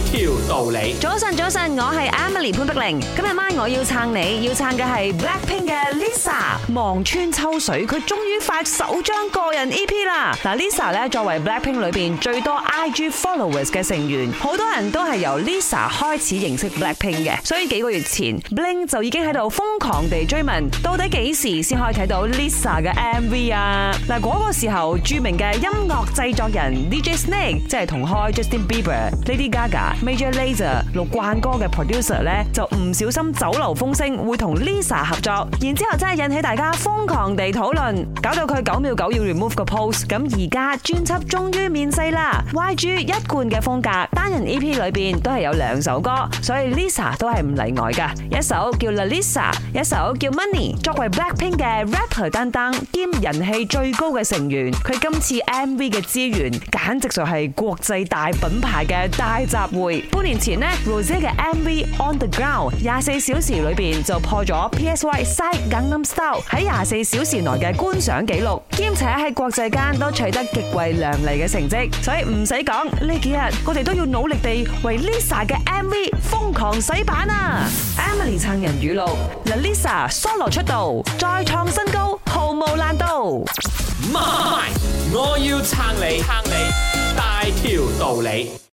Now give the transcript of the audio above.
條道理。早晨，早晨，我係 Emily 潘碧玲。今日晚我要撐你，要撐嘅係 Blackpink 嘅 Lisa。望穿秋水，佢終於發首張個人 EP 啦。嗱，Lisa 咧作為 Blackpink 裏邊最多 IG followers 嘅成員，好多人都係由 Lisa 開始認識 Blackpink 嘅。所以幾個月前，Blink 就已經喺度瘋狂地追問，到底幾時先可以睇到 Lisa 嘅 MV 啊？嗱，嗰個時候著名嘅音樂製作人 DJ Snake 即係同開 Justin Bieber、Lady Gaga。Major Lazer 錄慣歌嘅 producer 咧就唔小心酒樓風聲會同 Lisa 合作，然之後真係引起大家瘋狂地討論，搞到佢九秒九要 remove 個 post。咁而家專輯終於面世啦！YG 一貫嘅風格，單人 EP 裏邊都係有兩首歌，所以 Lisa 都係唔例外嘅，一首叫《Lalisa》，一首叫《Money》。作為 BLACKPINK 嘅 rapper 擔當兼人氣最高嘅成員，佢今次 MV 嘅資源簡直就係國際大品牌嘅大集。半年前呢，Rose 姐嘅 MV On the Ground 廿四小時裏邊就破咗 PSY Side Gangnam Style 喺廿四小時內嘅觀賞紀錄，兼且喺國際間都取得極為亮麗嘅成績，所以唔使講，呢幾日我哋都要努力地為 Lisa 嘅 MV 瘋狂洗版啊！Emily 撐人語錄，由 Lisa solo 出道再創新高，毫無難度。我要撐你，撐你，大條道理。